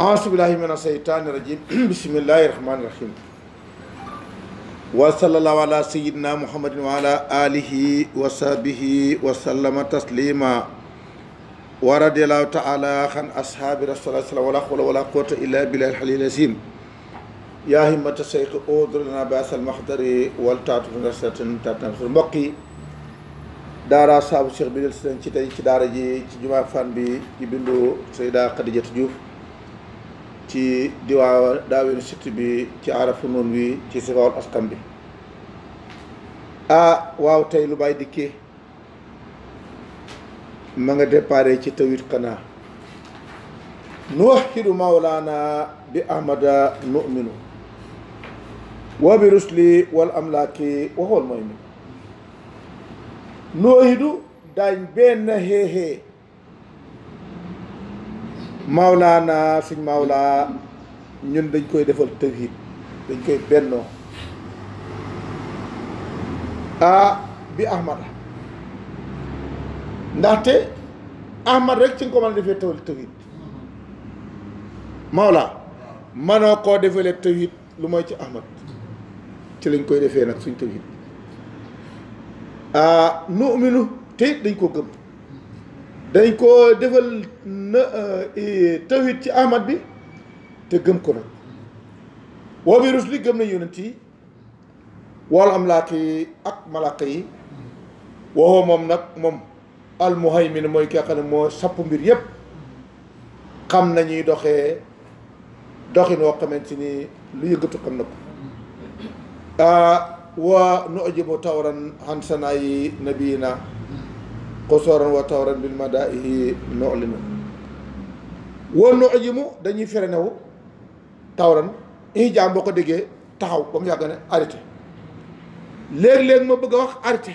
أعوذ بالله من الشيطان الرجيم بسم الله الرحمن الرحيم وصلى الله على سيدنا محمد وعلى آله وصحبه وسلم تسليما ورد الله تعالى عن أصحاب رسول الله صلى الله عليه وسلم ولا قوة إلا بالله الحلي العظيم يا همة الشيخ أودر لنا بأس المحضر والتعطف من رسالة تعطف المقي daara saabu cheikh bi del si leen ci tey ci daara ji ci jumaa bi ci bindu Seyda Khadijatu Diouf ci diwaa daawinu sitt bi ci aarafu noon wi ci sifawul askan bi ah waaw tey lu bàyyi dikkee ma nga déparé ci tawit xanaa nuwaxidu mawlaana bi ahmada numinu wa bi rusli wal amlaaki waxool mooy mi noohidu dañ benn heehe naa suñ mawlaa ñun dañ koy defal tawhid dañ koy bennoo ah bi ahmada ndaxte ahmad rek ci nga ko man a defee tawal tawhid mawlaa manoo koo defalee tawhid lu mooy ci ahmad ci lañ koy defee nag suñ tawhid Ah, nu'minu te dañ koo gëm dañ ko defal eh, tawit ci ahmad bi te gëm ko nag woo bi rusli gëm na yonent yi wal amlaak yi ak malaaka yi waxoo moom nag moom almuhaymin mooy ki xam moo sapp mbir yépp xam nañuy doxe doxin woo xamante ni lu yëngatu xam na ko ah, wa nu ajibu tawran han sanaayi nabiyina qusooran wa tawran bil madaihi nulimu wa nu ajimu dañuy ferenewu tawran ijaam boo ko déggee taxaw ba mu yàgg ne arrêté léeg-léeg ma bëgg a wax arrêté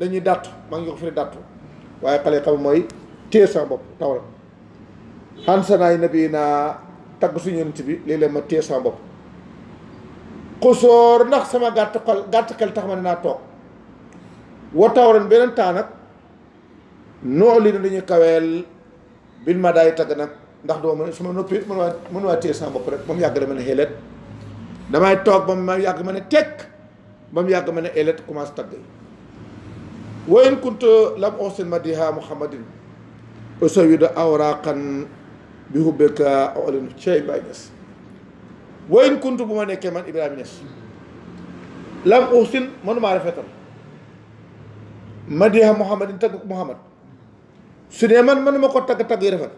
dañuy dàttu maa ngi ko firi dàttu waaye xale xam mooy téye sama bopp tawran han sanaayi naa tagg suñu yonent bi léeg-léeg ma téye sama bopp xusóor ndax sama gàtt xol gàtt xel tax ma ne naa toog wa tawran beneen taa nag noo li dañuy kaweel bil ma daay tagg nag ndax doo mën su ma noppi mën waa mën waa téye sama bopp rek ba mu yàgg la ma ne xelet damay toog ba mu yàgg ma ne tekk ba mu yàgg ma ne xelet commence tagg yi wayen kunt lam oxsin madiha muhammadin usawidu awraqan bi hubbika awalin cey bay des wayn kuntu bu ma nekkee man Ibrahima Niass lam uhsin mënumaa rafetal madiha Muhammadin tagg Muhammad su dee man mënuma ko tagg tagg yi rafet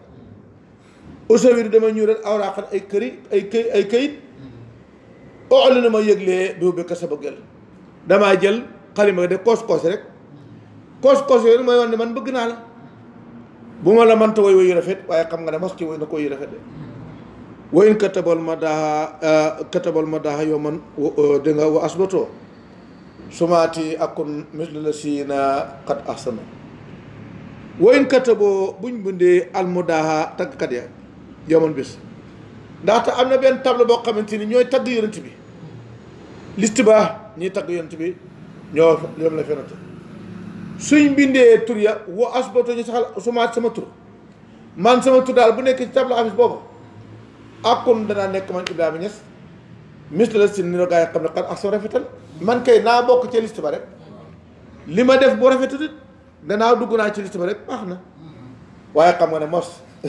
ausawidu dama ñëw ren ay këri ay këy ay këyit oxli ne ma yëglee doo békka sama gël damaa jël xalima de koos-koos rek koos-koos mooy wan ne man bëgg naa la bu ma la mënta woy woyu rafet waaye xam nga ne mos ci woy na ko woyu rafet de wa in katabal ma daaxa eh, katabal ma daaxa yow man eh, dégg nga wa asbatoo sumaati akun mislu la siina xat ahsana wa in kataboo buñ bindee al mu daaxa taggkat ya yow man bis ndaxte am na benn table boo xamante ni ñooy tagg yonent bi liste ba ñiy tagg yonent bi ñoo ñoom la fenante suñ bindee tur ya wa asbatoo ñu saxal sumaati sama tur man sama tur daal bu nekk ci table affiche boobu akun danaa nekk man Ibrahima Niass ministre la si niro gaa yi xam ne xar ak soo rafetal man kay naa bokk ci liste ba rek li ma def bu rafetul it danaa dugg naa ci liste ba rek baax na waaye xam nga ne mos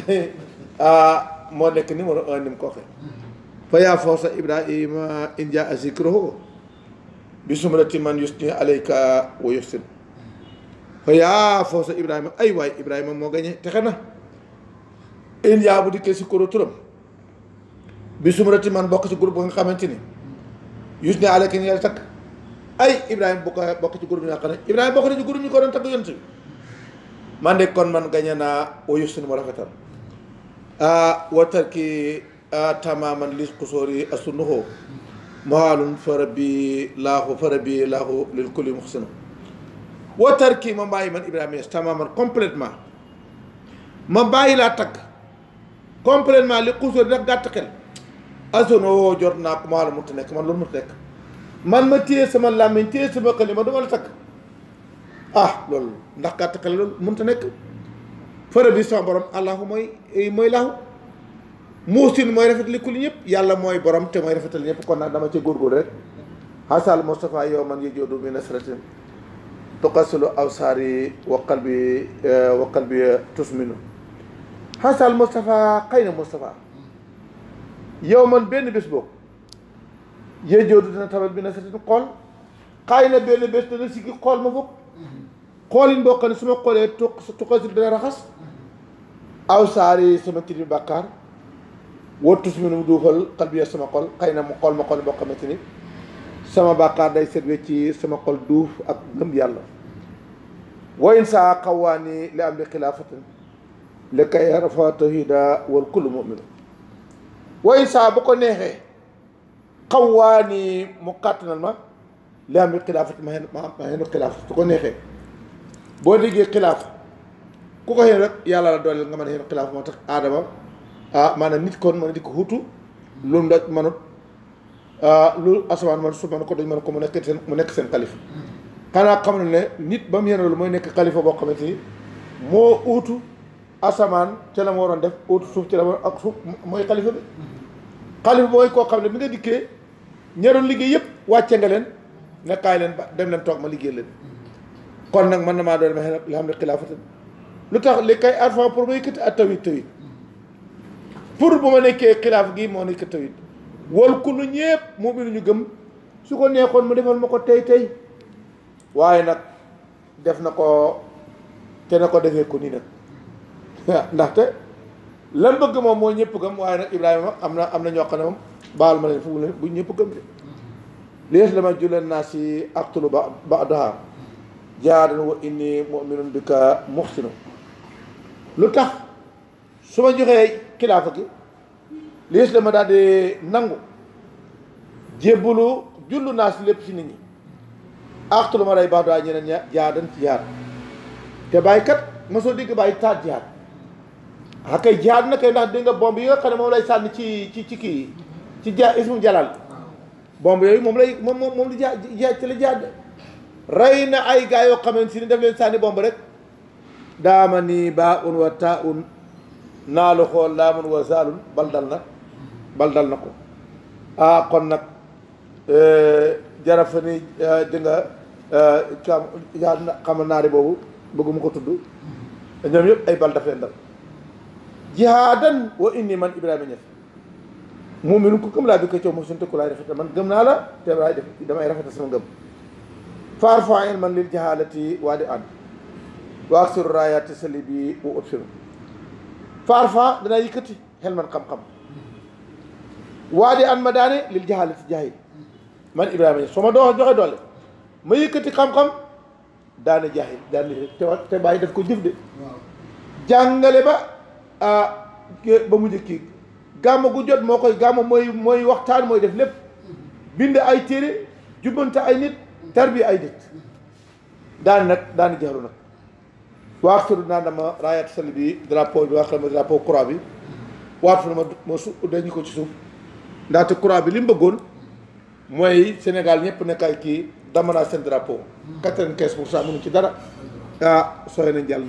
ah, moo nekk numéro un ni mu ko waxee fa yaa force Ibrahima india azikroho bi sumrati man yusni alayka wa yusin fa yaa force Ibrahima ay waay Ibrahima moo gañe texe na india bu dikkee si koro turam bi sumurati man bokk ci groupe ba nga xamante ni yus ne aleki ni takk ay ibrahima bokk bokk ci groupe ñu nga bokk na ci groupe ñu ko doon takk yonent bi man de kon man gañe naa wa yusni mu rafetal wa tarki tamaman lis kusóori asunduxoo mahaalum fa rabbi laahu fa rabbi laahu lil kulli muxsinu wa tarki ma bàyyi man ibrahima yes tamaman complètement ma bàyyi laa takk complètement li kusóori nag gàtt xel asono jot naa ko maa la mënut nekk man loolu mënut nekk man ma téye sama làmmiñ téye sama xalima dama la takk ah loolu ndax gàtt xel loolu mënut nekk fëra bi sama borom allahu mooy mooy laahu muusin mooy rafetali ku li ñëpp yàlla mooy borom te mooy rafetal ñëpp kon nag dama ci góorgóorlu rek hasal Moustapha yow man yi joodu bi nasratin tuqasilu awsaari wa qalbi wa qalbi tusminu hasal Moustapha xëy na Moustapha يوما بين بسبوك يجود دنا تابل بين سرتين قل قاينا بين بس تنا سكي قل مفوك قلين بوك نسمع قل توك توك زيد بين رخص أو ساري سمع تري بكار وتوس من مدوهل قلبي يسمع قل قاينا مقل مقل بوك متني سما بكار داي سر بيتي سمع قل دوف أكم يلا وإن سا قواني لأمر خلافة لكي يعرفها تهيدا والكل مؤمنون way saa bu ko neexee xawwaa ni mu kàttanal ma li am xilaafati ma ma xenu xilaaf su ko neexee boo déggee xilaaf ku ko xeen rek yàlla la dooleel nga mën a xenu xilaaf moo tax aadama ah maanaam nit kon mën a di ko xuutu lu ndaj manut lu asamaan man suuf man ko dañ mën ko mu nekk seen mu nekk seen xalifa xanaa xam ne ne nit ba mu yenal mooy nekk xalifa boo xamante ni moo uutu asamaan ca la ma waroon def ut suuf ci la ak suuf mooy xalifa bi xalifa mooy koo xam ne mu nga dikkee ñaroon liggéey yëpp wàcce nga leen ne leen ba dem leen toog ma liggéey leen kon nag mën na maa doon ma xel li xam ne xilaafatan lu tax li kay arfan pour ma yëkkati ak tawit tawit pour bu ma nekkee xilaaf gi moo nekk tawit wal ku lu ñëpp mu bi ñu gëm su ko neexoon mu defal ma ko tey tey waaye nag def na ko te na ko defee ko nii nag waaw ndaxte lan bëgg moom moo ñëpp gëm waaye nag Ibrahima am na am na ñoo xam ne moom baal ma leen fu mu ne gëm de lees la ma juleen naa si aqtulu ba badaha jaadan wa inni muminun bika muxsinu lu tax su ma joxee kilaafa gi lees la ma naa lépp si nit ñi aqtulu ma day badaha ñeneen te bàyyi kat ma soo digg bàyyi taat jaar ah kay jaar na kay ndax dégg nga bomb yi nga xam ne moom lay sànni ci ci ci kii ci ja ismu jalal bomb yooyu moom lay moom moom moom di ja ci la jihaad rey na ay gaa yoo xamante ni daf leen sànni bomb rek daama nii baa un wa taa un naalu xool laamun wa zaalun bal dal na bal dal na ko ah kon nag e, jarafa ni e, di nga e, xam naari boobu bëgguma ko tudd ñoom yëpp ay bal daf leen dal jihaadan wa inni man Ibrahima Niass mu'minun ku ko coow moom suñu tëkku laay rafetal man gëm naa la te laay def damay man lil jahaalati waa di ànd waa ak suru raayaati sali bi man xam-xam waa doo joxe doole ma yëkkati xam-xam daane jaahil te te bàyyi daf ko jëf de jàngale ba ba mu njëkki gàmmu gu jot moo koy gàmmu mooy mooy waxtaan mooy def lépp bind ay téere jubbante ay nit tarbi ay nit daan nag daan jaru nag waaxturu naa dama raayaat sel bi drapeau bi waaxturu ma drapeau croix bi waaxturu ko ci suuf ndaxte croix bi li mu bëggoon mooy Sénégal ñëpp nekk ay kii dama naa seen drapeau quatre-vingt-quinze pour cent mënu ci dara ah sooy nañ jàll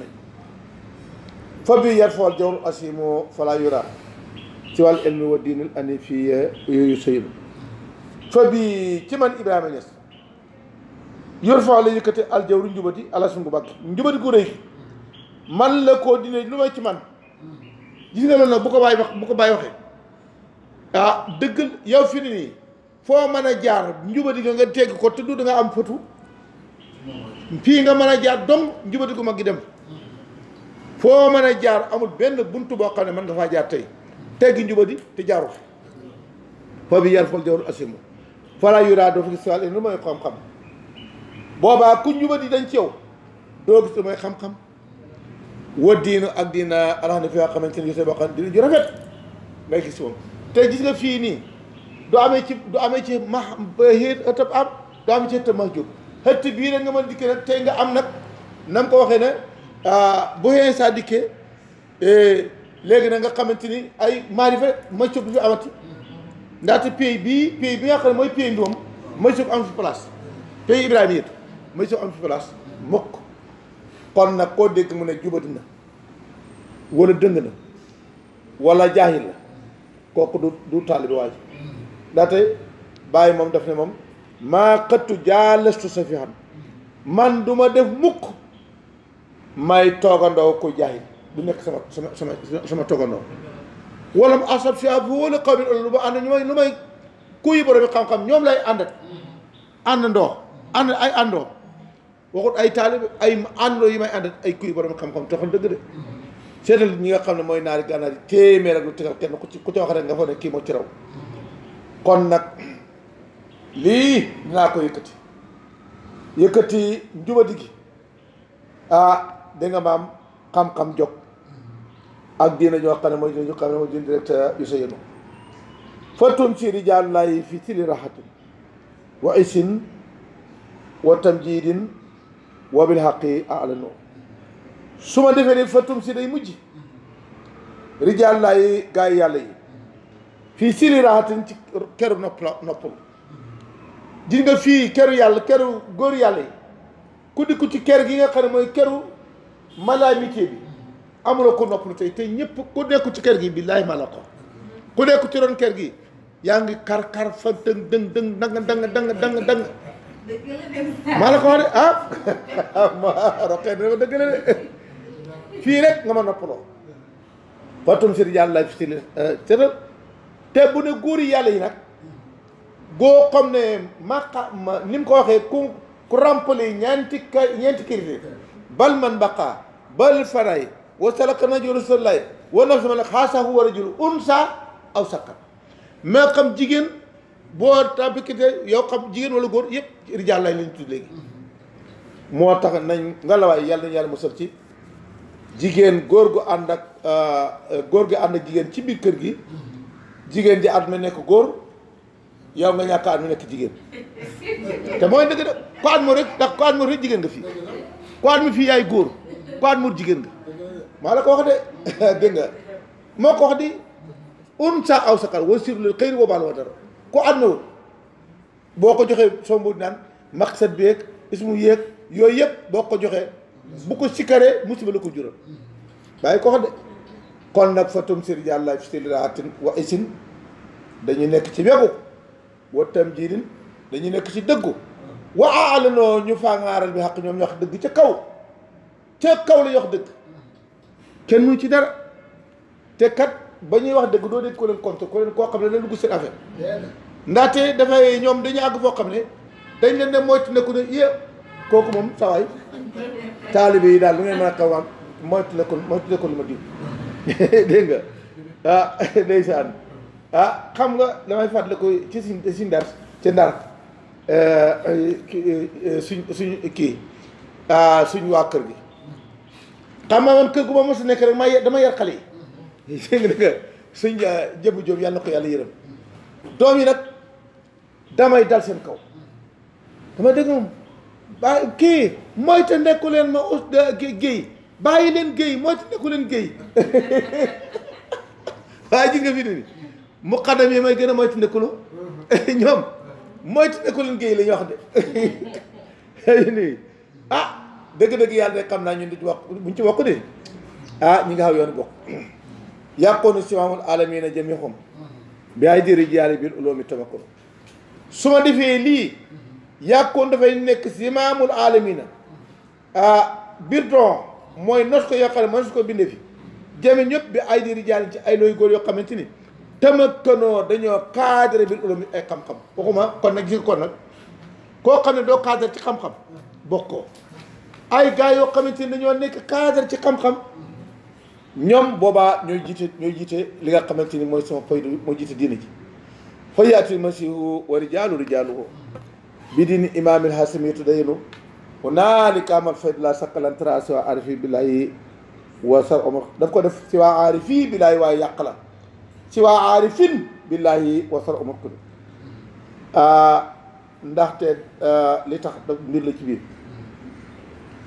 fa bi yar fool jawr asimo fala yura ci wàllu elmi wa ani fii yooyu sëyib fa bi ci man Ibrahima Niass yor faaw la yëkkati al jawru njubati alasungu bàkk njubati gu rëy man la koo dine lu may ci man gis nga loolu nag bu ko bàyyi wax bu ko bàyyi waxee ah dëgg yow fi nii foo mën a jaar njubati ga nga tegg ko tudd da am fëtu fii nga mën a jaar dong njubati gu mag gi dem foo mën a jaar amul benn buntu boo xam ne mën dafaa jaar tey teggi njubadi te jaaru fi foofu yar fol jawru asimu fala yuraado fi sal lu mooy xam boobaa ku njubadi dañ ci yow doo gis lu mooy xam-xam wa diinu ak diina alaxam ne fi waa xamante ne gisee boo xam ne diina ju rafet ngay gis moom te gis nga fii nii du amee ci du amee ci ma xëtëb am du amee ci xëtëb ma jóg bii rek nga mën a dikkee nag tey nga am nag nam ko waxee ne Ah, bu xëyee saa dikkee eh, léegi na nga xamante ni ay maarifa mëccëg bu fi amati ndaxte pays bii pays bi nga xam ne mooy pays ndoom mëccëg am place pays Ibrahima it mëccëg am nag koo dégg mu ne na wala dëng na kooku du du taalibi moom daf ne moom maa xëttu jaalastu sa fi xam man du def mukk may toogandoo ku jaay du nekk sama sama sama sama toogandoo wala mu asab si ab wóole xaw mi lu ma ànd may lu may xam-xam ñoom lay àndat àndandoo ànd ay àndoo waxut ay taalib ay àndandoo yi may àndat ay kuy borom xam-xam taxul ñi nga xam ne mooy naari gànnaar yi téeméer ak ci ku ci wax rek nga foog ne kii moo ci raw kon nag lii dinaa ko yëkkati yëkkati njubadi gi ah dégg nga maam xam-xam jóg ak diina joo xam ne mooy dina joo xam ne mooy dina direct yu sa yenu fatun ci rijaal laay fi tili raxatin wa isin wa tamjidin wa bil xaqi alanu su ma defee ni fatun si day mujj rijaal laay gaa yàlla yi fii sili raxatin ci keru nopp noppal nga fii keru yàlla keru góor yàlla yi ku dikku ci ker gi nga xam mooy keru malamité bi amuloo ko noppalu tey te ñëpp ku nekk ci kër gi billaahi ma la ko ku nekk ci ron kër gi yaa ngi kar kar fa dëng dëng dëng danga danga danga danga danga maa ko wax de ah dëgg la de fii rek nga ma noppaloo fatum sir yàlla fi cëral te bu ne góor yi yàlla yi nag goo xam ne ma ni mu ko waxee ku ku rempli ñeenti ka ñeenti bal man baqa bal faray wa salaka najuru salay wa nafsi war a wa rajul unsa aw sakkan mais xam jigéen boo tapikite yow xam jigéen wala góor yëpp rijaal lay lañ tudd léegi moo tax nañ nga lawaay yàlla mu yàlla ci jigéen góor gu ànd ak góor gu ànd ak jigéen ci biir kër gi jigéen ji at mi nekk góor yow nga ñàkk at mi nekk jigéen te mooy dëgg de ko at mu rek ndax ko at mu rek jigéen nga fii ku admut fii yaay góor ku admut jigéen nga maa la ko wax de dégg nga moo ko wax di un sa aw sa kar wasir lil xëyri wa baal wa dara ku admut boo ko joxee sombu naan maqsad beeg ismu yéeg yooyu yëpp boo ko joxee bu ko sikkaree musiba la ko jural bàyyi ko wax de kon nag fa tum sir yàlla fi silaatin wa isin dañu nekk ci wegu wa tam jiirin dañu nekk ci dëggu wa aalanoo ñu faangaaral bi xaq ñoom ñu wax dëgg ca kaw ca kaw la ñu wax dëgg kenn mënu ci dara te kat ba ñuy wax dëgg doo dégg ko leen contre ko leen koo xam ne dañ dugg seen affaire ndaxte dafay ñoom dañu àgg foo xam ne dañ leen ne moytu nekku ne yé kooku moom sawaay taalibe yi daal lu ngeen mën a kawaan moytu nekkul moytu nekkul lu ma diw dégg ah, ah xam nga damay fàttaliku ci si si ndar ci ndar Eh, eh, eh, suñ suñ kii ah, suñ waa kër gi xam nga man kër gu ma mos nekk rek maa dama yar xale yi dégg nga suñ jëmm joom yàlla na ko yàlla yërëm doom yi nag damay dal seen kaw dama dégg moom bàyyi kii mooy te nekku leen ma us géey bàyyi leen géey mooy te nekku leen géey waaye ji nga fi ne ni muqaddam yi may gën a moytu nekkulu ñoom mooy ne ko leen géey la ñu wax de ah dëgg-dëgg yàlla rek xam naa ñun di ci wax buñ ci wax de ah ñi nga xaw yoon bokk yàqoonu simaamul alamina jëmi xom bi ay diri ji yàlla biir uloomi tabakkul su ma defee lii yàqoon dafay nekk simaamul alamina ah biir don mooy nos ko yoo xam ne mën ko binde fi jëmi ñëpp bi ay diri jàll ci ay looy góor yoo xamante ni tamakkanoo dañoo cadre bi ulumi ay xam-xam waxuma kon nag gis kon nag koo xam ne doo cadre ci xam-xam bokkoo ay gars yoo xamante ne dañoo nekk cadre ci xam-xam ñoom boobaa ñooy jiite ñooy jiite li nga xamante ni mooy sama faydu mooy jiite diina ji fayyaatul masihu wa rijaalu rijaaluhu bi diini imaamil hasim yitu dayinu hunaalika amal faydu laa sakka lan tara siwaa aarifi billaahi daf ko def siwaa aarifi billaahi waaye yàq la siwa aarifin billahi wa sar umar kudi ndaxte li tax mbir la ci biir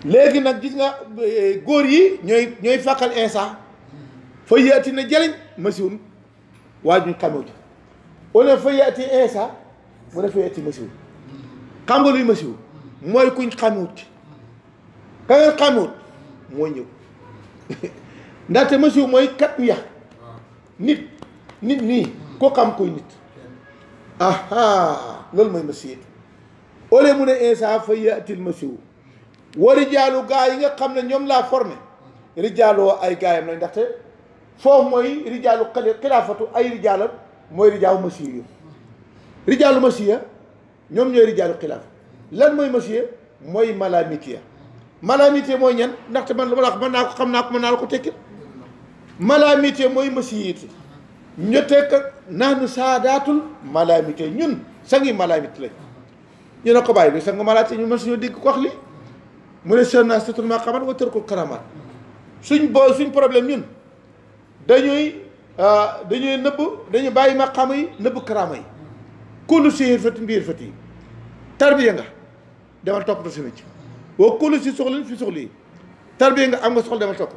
léegi nag gis nga góor yi ñooy ñooy fàqal insa fa yati na jëliñ masiwun waa juñ xamew ci one fa yati insa mu ne fa yati masiwun xam nga luy masiwun mooy kuñ xamewut ka ngeen xamewut mooy ñëw ndaxte masiwun mooy kat u yàq nit nit nii ko xam kuy nit aha loolu mooy masiyatu ole mu ne insaaf fa yaatil masiwu wa rijaalu gaa yi nga xam ne ñoom laa formé rijaaloo ay gaayam lañ ndaxte foofu mooy rijaalu xilaafatu ay rijaalam mooy rijaalu masiya yu rijaalu masiya ñoom ñooy rijaalu xilaaf lan mooy masiya mooy malamitiya malamitiya mooy ñan ndaxte man lu ma la wax mën naa ko xam naa ko mën naa la ko tekkil malamitiya mooy masiyiti ñu tekk nahnu saadaatul malaamité ñun sangi malaamit lañ ñu ne ko bàyyi bi sangu malaamité ñu mën suñu digg ko wax li mu ne seen naa satul maqamat wa tërkul karamat suñ boo suñ problème ñun dañuy dañuy nëbb dañuy bàyyi maqaam yi nëbb karaama yi kullu si xirfati mbi xirfati tarbiya nga demal toppatoo sa mécc wa kullu si soxlin fi soxli tarbiya nga am nga soxla demal topp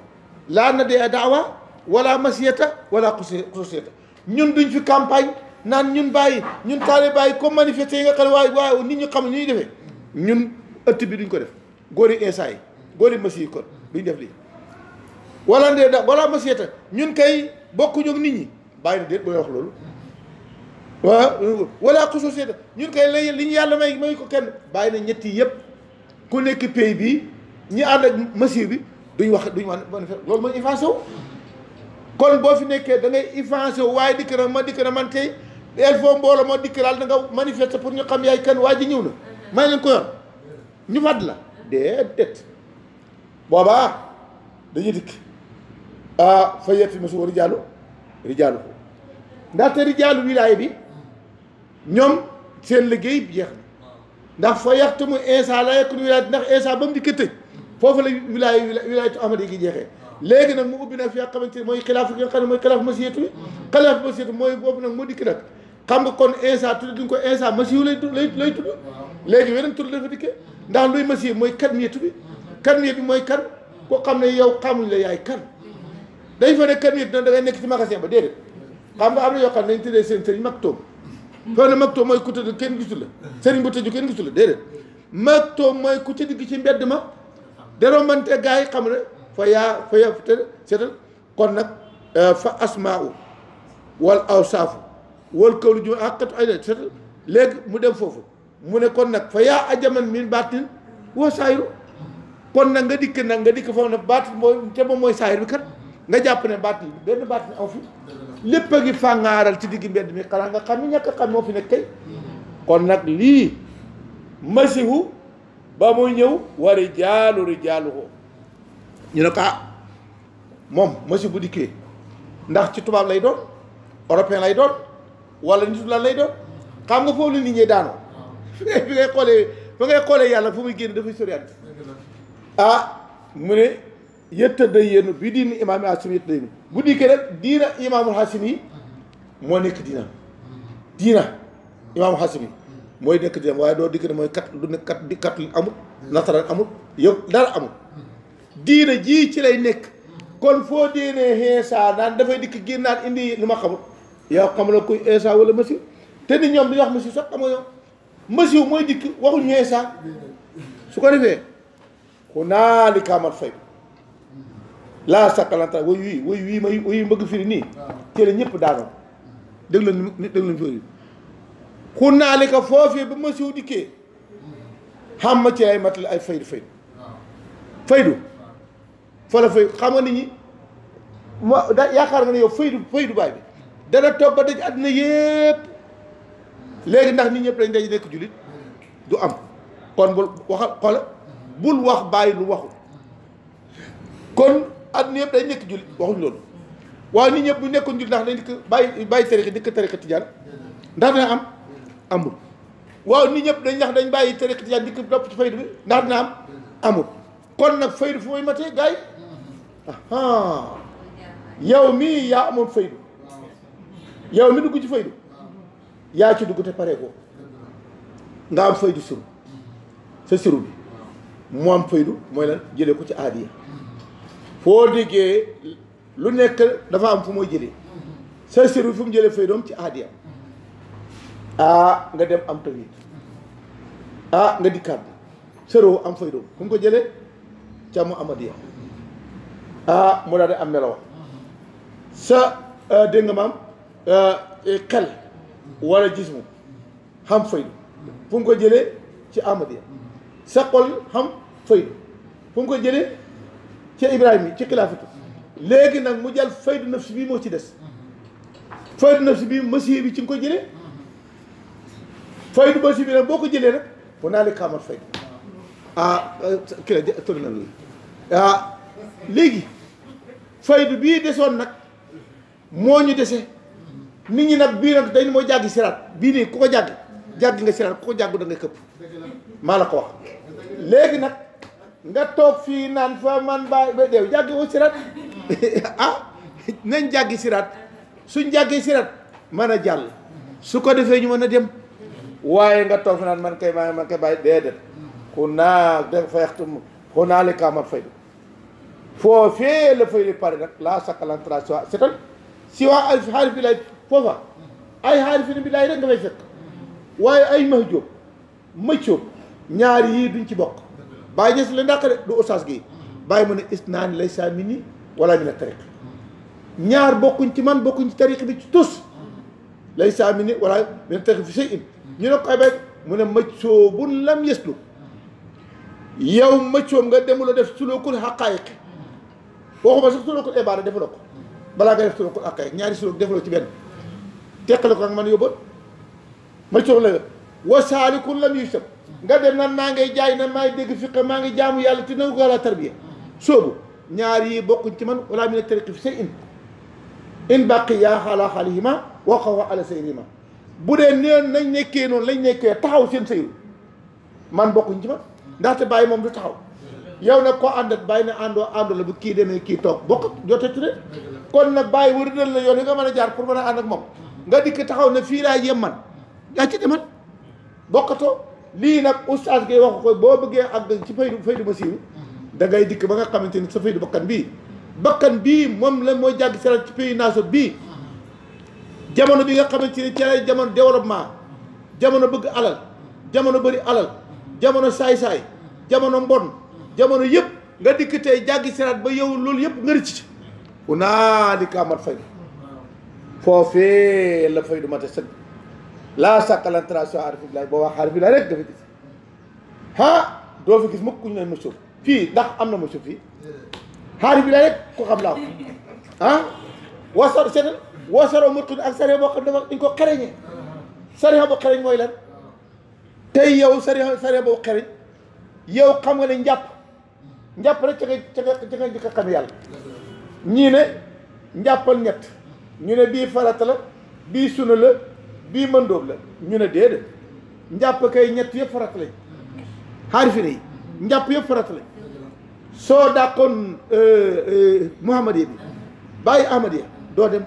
laa na dee daawa wala masiyata wala xususiyata ñun duñ fi campagne naan ñun bàyyi ñun taale bàyyi comme manifester yi nga xam ne waaye waaye nit ñu xam ne ñuy defee ñun ëtt bi duñ ko def góor yi insa yi góor yi masi def lii wala ndee da wala masiyata ñun kay bokkuñu ak nit ñi bàyyi na déet booy wax loolu waaw wala xususiyata ñun kay lay li ñu yàlla may may ko kenn bàyyi na ñetti yëpp ku nekk pays bii ñi ànd ak masi bi duñ wax duñ wax loolu mooy effacé wu kon boo fi nekkee da ngay avancé waaye dikk na ma dikk na man tey il faut mbooloo ma dikk daal da nga pour ñu xam yaay kan waa ji ñëw na may leen ko yor ñu fàtt la déedéet boobaa dañuy dikk ah fa yetti ma suba rijaalu rijaalu ko ndaxte rijaalu wilaay bi ñoom seen liggéey jeex na ndax fa yaxtu mu insa la yekkul wilaay ndax insa ba mu dikkee tëj foofu la wilaay wilaayatu amadi gi jeexee léegi nag mu ubbi nag fi nga xamante ne mooy xilaaf yi nga xam ne mooy xilaaf masiyatu yi xilaaf masiyatu mooy boobu nag moo dikk nag xam nga kon insa tudd duñ ko insa masiyu lay lay lay tudd léegi weneen tudd la mooy kan miyatu bi kan miyatu mooy kan koo xam ne yow xamuñ la yaay kan dañ fa ne kan miyatu noonu da ngay nekk ci magasin ba déedéet xam nga am na yoo xam ne dañ tëddee seen sëriñ Maktoum foo ne Maktoum mooy ku tëdd kenn gisul la sëriñ bu kenn gisul la déedéet Maktoum mooy ku tëdd ci mbedd ma derombante gars yi xam ne fa yaa fa ya te seetal kon nag euh, fa asmaa u wal awsaafu wal kawlu ju àqatu ay la seetal léegi mu dem foofu mu ne kon nag fa yaa ajaman min baatin wa saayiru kon nag nga dikk nag nga dikk foofu nag baatin mooy te mooy saayir bi kat nga jàpp ne baatin bi benn baatin aw fi lépp a ngi fàngaaral ci digg mbedd mi xanaa nga xam ni ñàkk xam moo fi nekk kay kon nag lii masihu ba muy ñëw wa rijaalu rijaaluhu ñu ne ko ah moom monsieur bu dikkee ndax ci tubaab lay doon européen lay doon wala nitu lan lay doon xam nga foofu la nit ñi daanoo fi ngay fi ngay xoolee fi ngay xoolee yàlla fu muy génn dafay soriante ah mu ne yëtta day yéen bi diin imaam Hasim yëtta bu dikkee rek diina imaamul Hasim yi moo nekk diina diina imaamul Hasim yi mooy nekk diina waaye doo dikk ne mooy kat lu ne kat di kat amul nasaraan amul yow dara amul diina jii ci lay nekk kon foo déenee xeesa naan dafay dikk gén naan indi lu ma xamul yow xam la kuy xeesa masiw te ni ñoom dañuy wax masiw sax xam nga ko defee ku naa li kaamat fay laa sakkalanta woy naa li ko foofee ba xam ma ci ay matal ay faydu faydu fa xam nga nit ñi ma da yaakaar nga ne yow faydu faydu baay bi dana toog ba daj àddina yëpp léegi ndax nit ñëpp dañ dañ nekk jullit du am kon bul waxal xoola bul wax bàyyi lu waxul kon àddina yëpp dañ nekk jullit waxuñ loolu waaye nit ñëpp bu nekkoon jullit ndax dañ dikk bàyyi bàyyi tarixa dikk tarixa tijaan ndax dana am amul waaw nit ñëpp dañ ndax dañ bàyyi tarixa tijaan dikk faydu bi ndax dana am amul kon nag faydu foo muy matee gars yi mii yaa amoon faydu yow mi dugg ci faydu yaa ci dugg te pare ko nga am faydu siru sa siru bi mu am faydu mooy la jëlee ko ci aadi ya foo déggee lu nekk dafa am fu mooy jëlee sa siru fu mu jëlee faydoom ci aadi ya ah, nga dem am tawit ah nga dikkaat sëroo am faydoom fu ko jële ca mu amadiya ah mu daal di am melow sa ah, dégg nga maam ah, eh, xel wala jismu xam faydu fu mu ko jëlee ci amadiya sa xol xam faydu fu mu ko jële ci ibrahim yi ci xilaafatu léegi nag mu jël faydu nafsi bii moo ci des faydu nafsi bii masiye bi ci nga ko jëlee faydu masiye bi nag boo ko jëlee rek bu naa li kaamal faydu ah kii la na ah, léegi faydu bii desoon nag moo ñu dese nit ñi nag bii nag dañ moo jàggi siraat bii nii ku ko jàgg jàgg nga siraat ku ko jàggu da këpp maa la ko wax léegi nag nga toog fii naan fa man baa ba deew jàggi woo siraat ah nañ jàggi siraat suñ jàggee siraat mën a jàll su ko defee ñu mën a dem waaye nga toog fi naan man kay maa man kay bàyyi déedéet هناك فيختم هنالك امر فيض فوفي لفيض بارك لا سكلان ترى سواء سكل waaye ay mahjub mëccub ñaar yii duñ ci bokk bàyyi gis la ndàq de du oustaz gi bàyyi mu ne isnaan lay wala ñu ne tariq ñaar bokkuñ ci man bokkuñ ci tariq bi ci tus lay saa wala ñu ne tariq fi shay in ñu ne ko ay mu ne mëccoobun lam yëslu yow mëccoom nga demula def sulukul xaqaayiq waxuma sax sulukul ibaada defula ko balaa nga def sulukul xaqaayiq ñaari suluk defuloo ci benn teqale ko ak man yóbboon mëccoom la wa saalikun lam yusab nga de nan maa ngiy jaay nan maa dégg fiqe maa ngi jaamu yàlla te nangu ko la tarbiya soobu ñaar yi bokkuñ ci man wala min tariqi fi shay'in in baqiya ala xaalihima wa qawa ala sayrihima bu dee neen nañ nekkee noonu lañ nekkee taxaw seen sëyul man bokkuñ ci ndaxte bàyyi moom du taxaw yow nag koo ànd àndat bàyyi ne àndoo àndu la bu kii demee kii toog bokk jotatu de kon nag bàyyi war dal na yoon li nga mën a jaar pour mën a ànd ak moom nga dikk taxaw ne fii laa yem man yaa ci demal bokkatoo lii nag oustaz gi wax ko boo bëggee àgg ci faydu faydu ba siiw da ngay dikk ba nga xamante ni sa faydu bakkan bii bakkan bii moom la mooy jàgg seral ci pays naaso bii jamono bi nga xamante ni ci jamono développement jamono bëgg alal jamono bëri alal jamono saay-saay jamono mbon jamono yëpp nga dikk tey jàggi siraat ba yow loolu yëpp nga di ci unaalika mat fay foofee la fay du mate sëg laa sàkkalantrasio aarifi bilaay boo wax aarifi bilaay rek dafa gis ah doo fi gis mukk ñu ne monsieur fii ndax am na monsieur fii aarifi bilaay rek ko xam laa ko ah wasar seetal wasaro murtun ak sare boo xam dafa dañ ko xereñe sare boo xereñ mooy lan tey yow sariya sariya boobu xereñ yow xam nga ne njàpp njàpp rek ca nga ca nga ca njëkk xam yàlla ñii ne njàppal ñett ñu ne bii farata la bii sunu la bii mëndóob la ñu ne déedéet njàpp kay ñett yëpp farata lañ xaarifi ne yi njàpp yëpp farata lañ soo dàqoon euh, euh, Muhammadiya bi bàyyi Ahmadiya doo dem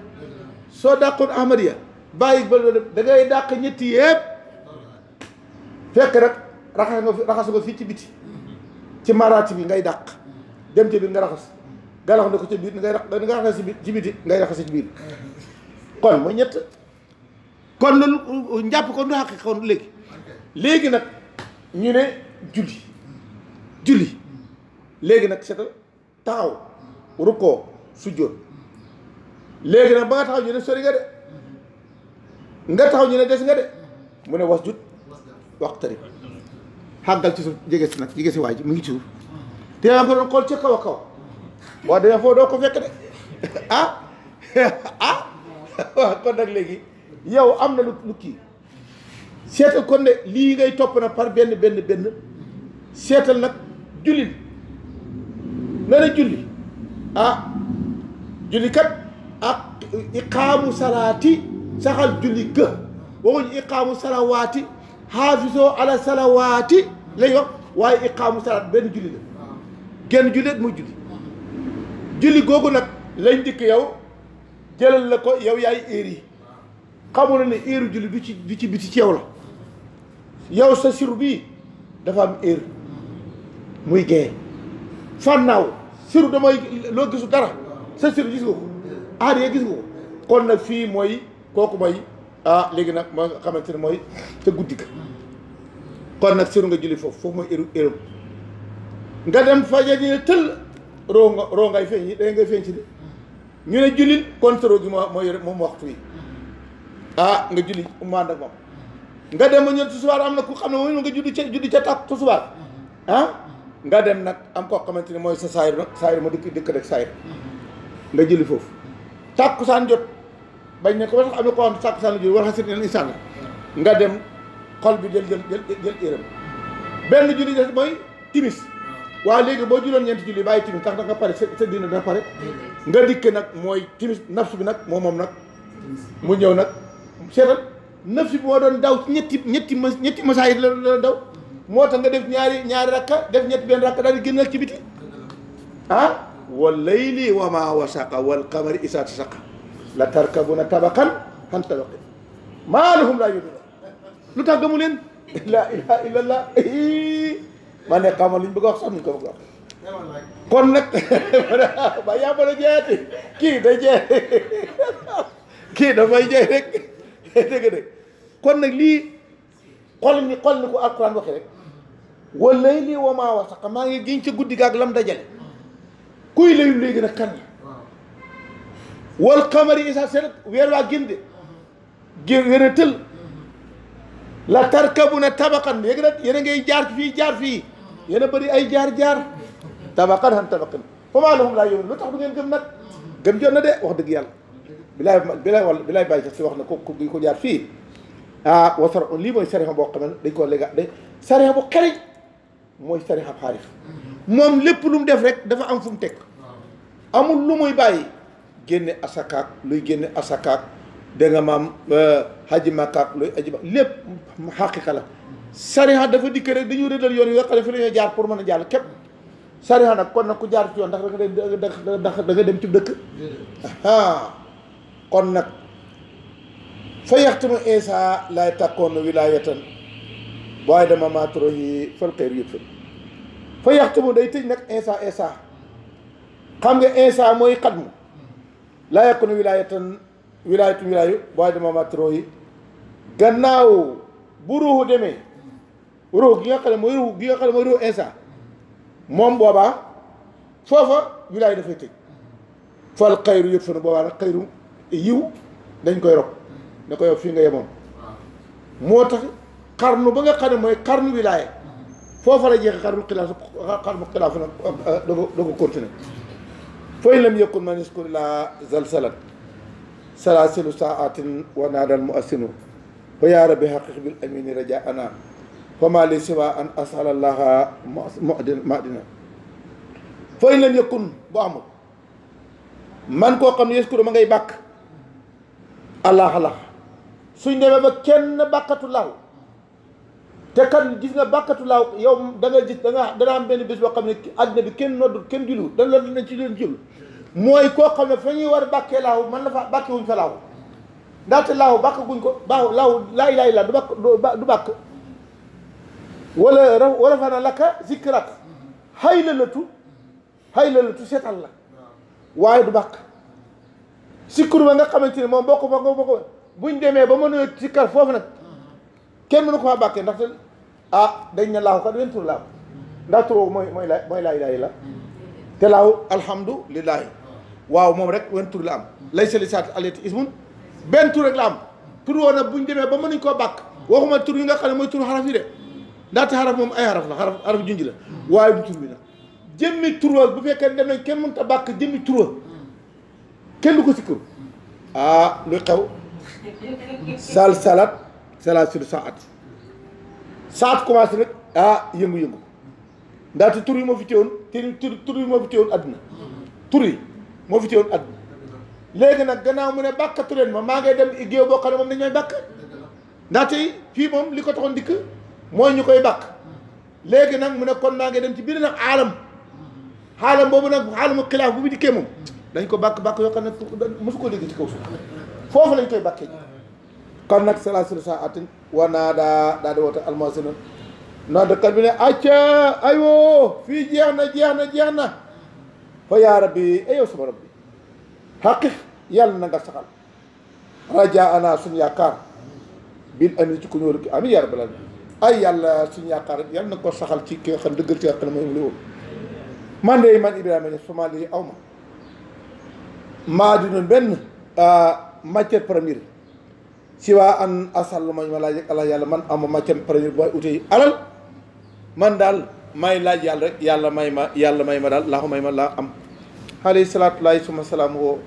soo dàqoon Ahmadiya bàyyi ba doo dem da ngay ñetti yëpp fekk rek raxas nga raxas nga fii ci biti ci maraati bi ngay dàq dem ci biir nga raxas galax na ko ci biir ngay nga raxas ci biti ngay raxas ci biir kon mooy ñett kon loolu njàpp kon du xàq kon léegi léegi nag ñu ne julli julli léegi nag setal taxaw rukkoo sujjóot léegi nag ba nga taxaw ñu ne sori nga de nga taxaw ñu ne des nga de mu ne was jut waxtari xàggal ci suuf jege si nag jege si waay ji mu ngi ci te yaa ngi ko doon xool ci kaw a kaw boo demee foofu doo ko fekk de ah ah waaw kon nag léegi yow am na lu lu kii seetal kon ne lii ngay topp na par benn benn benn seetal nag jullil na la julli ah julli kat ak iqaamu salaati saxal julli gë waxuñu iqaamu salawaati xaafisoo ala salawaati lañ wax waaye iqaamu salaat benn julli la genn julli muy julli julli googu nag lañ dikk yow jëlal la ko yow yaay heure yi xamu na ne heure julli du ci du ci biti ci yow la yow sa siru bii dafa am heure muy gee fànnaaw siru damay loo gisu dara sa siru gis nga ko aar yee gis nga ko kon nag fii mooy kooku mooy ah léegi nag ma xamante ne mooy sa guddi ga kon nak siru nga julli foofu foofu mo iru iru nga dem fajar ji teul ro nga ro ngay feñ yi day nga feñ ci ñu ne julli kon sa gi mo waxtu yi ah nga julli mu ànd ak nga dem ñu ci suwar amna ku xamne mo nga julli ci julli ci ca ci suwar han ah? nga dem nak am ko xamanteni moy sa sayr sayr mo dik dik rek sayr nga julli foofu takusan jot bañ ne ko wax am ko koo takusan julli war xasit nga dem xol bi del jël jël jël yërëm benn julli des mooy timis waaw léegi boo juloon ñeenti julli bàyyi timis ndax da nga pare sa diina da pare nga dikk nag mooy timis nafs bi nag moom moom nag mu ñëw nag seetal nafs bi moo doon daw ñetti ñetti ma ñetti masaayit la doon daw moo tax nga def ñaari ñaari rakka def ñetti benn rakka daal di génn ci biti ah wal layli wa ma wasaqa wal qamari isaa tasaqa la tarkabuna tabaqan han tabaqin maa lahum laa yu'minuun lu tax gëmu leen la ilaha illallah maa ne xamal li ñu a wax sax ñu ko bëgg a wax kon nag ba yaa mën a jeexati kii day jeex kii dafay jeex rek dëgg dëgg kon nag lii xol ni xol ni ko alquran waxee rek walay lii wamaa wax maa ngi giñ ca guddi gaag lam dajale kuy layu léegi nag kan wal xamari isa seret weer waa ginde gén wér tël la tarkabuna tabaqan yéeg nag yéen ngay jaar fii jaar fii yéen a ay jaar-jaar tabaqan han tabaqan famaa lahum laa yu'minuun lu tax du ngeen gëm nag gëm jot de wax dëgg yàlla bilaay bilaay wala bilaay si wax na ko ko ko jaar fii ah wasar lii mooy sarixa boo xam ne dañ ko léegi da sarixa bu xereñ mooy sarixa xaarif moom lépp lu mu def rek dafa am fu mu teg amul lu muy bàyyi génne asakaak luy génne asakaak da xaji màkkaak looy aji lépp xaqiqa la sariha dafa dikk rek dañu rëddal yoon yi nga xam ne fi la jaar pour mën a jàll képp sariha nag kon nag ku jaar ci yoon ndax da nga dem ci dëkk kon nag fa yaxtama isa laay takkoon wilaayatan waaye dama maatro yi fal xeer yëpp fa yaxtama day tëj nag isa isa xam nga isa mooy xatmu laa yakkoon wilaayatan wilaayatu wilaayu waaye dama maatro yi gannaaw bu ruuxu demee ruux gi nga xam ne mooy ruux gi nga xam ne mooy ruux Insa moom boobaa foofa wilaay dafay tëj fal xayru yëpp fanu boobaa nag xayru yiw dañ koy rog ne ko yow fii nga yemoon moo tax xarnu ba nga xam ne mooy xarnu wilaay foofa la jeexe xarnu xilaaf xarnu xilaaf nag doo ko doo ko continuer fooy lam yëkkul manis ku la zalsalat salasilu saatin wa naadal mu assinu فيا ربي حقق بالأمين رجاءنا فما لي سوى أن أسأل الله مؤدنا فإن لم يكن بعمل man koo xam ne yeskuru ma ngay bàkk allah allah suñ demee ba kenn bàkkatu laaw te kan gis nga bàkkatu laaw yow da nga gis da nga dana am benn bés boo xam ne àddina bi kenn noddul kenn jullu da loolu nañ ci leen jublu mooy koo xam ne fa ñuy war a bàkkee laaw man la fa bàkkee wuñ fa laaw ndaxte laaw bàkk guñ ko baaw laaw laa ilaaha illallaah du bàkk du bàkk wala wala fana lakka zikrak xay la latu xay la latu seetal la waaye du bàkk sikkur ba nga xamante ne moom bokk ba nga bokk buñ demee ba mën a sikkar foofu nag kenn mënu ko faa bàkkee ndaxte ah dañ ne laaw kat wen tur laaw ndax tur mooy mooy la mooy laa ilaaha illallaah te laaw alhamdulillahi waaw moom rek wen tur la am laysa li saat alati ismun ben tour rek la am tour wona a démé ba mënuñ ko bak waxuma tour yi nga xamné moy tour tur yi de ndat haraf mom ay haraf la haraf haraf junj la waaye du tur bi nag jëmmi turwa bu féké ne dem nañ kenn mënut a bàkk jëmmi turwa kenn du ko sikku ah lu xew sal salat salat sur saat saat commencé rek ah yëngu-yëngu ndat tour yi mo fi téwon te tour yi mo fi téwon aduna tour yi mo fi téwon aduna léegi nag gannaaw mu ne bàkkatu leen ma maa ngay dem géew boo xam ne moom dañu may bàkk ndaxte fii moom li ko taxoon dikk mooy ñu koy bàkk léegi nag mu ne kon maa ngay dem ci biir nag aalam xaalam boobu nag xaalamu xilaaf bu mu dikkee moom dañ ko bàkk bàkk yoo xam ne mosu ko dégg ci kaw suuf foofu lañ koy bàkkee ji kon nag salaasul saatin war naa daa daa di woote almosi na noddkat bi ne acca ayoo fii jeex na jeex na jeex na fa yaa rabbi ayow sama rabbi xaqiq yàlla na nga saxal raja ana suñu yaakaar bil ci ku ñëw rek ami yar balal ay yàlla suñu yaakaar yàlla na ko saxal ci ki nga xam dëggal ci nga xam ne man de man Ibrahima ne sama lii ma maa di noonu benn euh, matière première si an asal lu ma laaj rek ala yàlla man ama matière première booy utee alal man daal may laaj yàlla rek yàlla may ma yàlla may ma daal laa ko may ma laa am alayhi salaatu laay suma salaam woo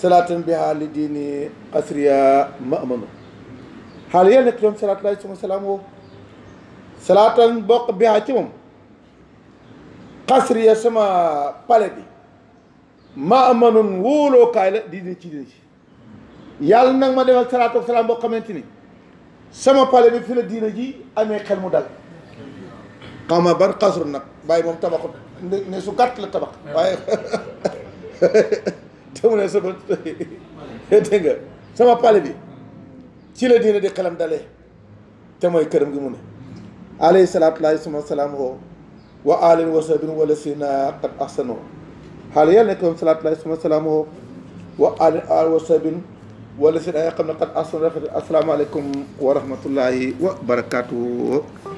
salaatan bihaa li diini asriya ma'manu xaalis yàlla nekk doon salaatulaay suma salaam woo salaatan bokk bihaa ci moom xasriya sama pale bi ma'manun wóolookaay la diini ci diini ci yàlla nag ma defal salaatu ak salaam boo xamante ni sama pale bi fi la ji amee xel mu dal xaw ma ban xasru nag bàyyi moom tabaxut ne su la tabax te mu ne sama dégg nga sama pale bi ci la diine di xelam dale te mooy këram gi mu ne alayhi salaatu laay suma salaam ho wa alin wa sabin wala sina qad ahsano xaala yàlla nekkoon salaatu laay suma salaam ho wa alin wa sabin wala sina yaa xam ne qad ahsano rafet asalaamaaleykum wa rahmatullahi wa barakaatu